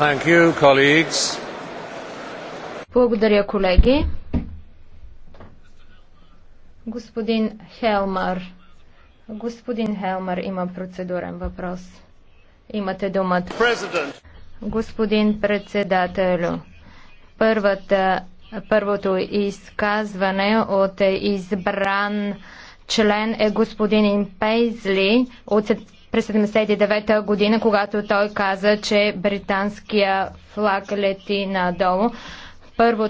You, Благодаря, колеги. Господин Хелмар, господин Хелмар има процедурен въпрос. Имате думата. President. Господин председателю, първата Първото изказване от избран член е господин Пейзли от през 79-та година, когато той каза, че британския флаг лети надолу. Първо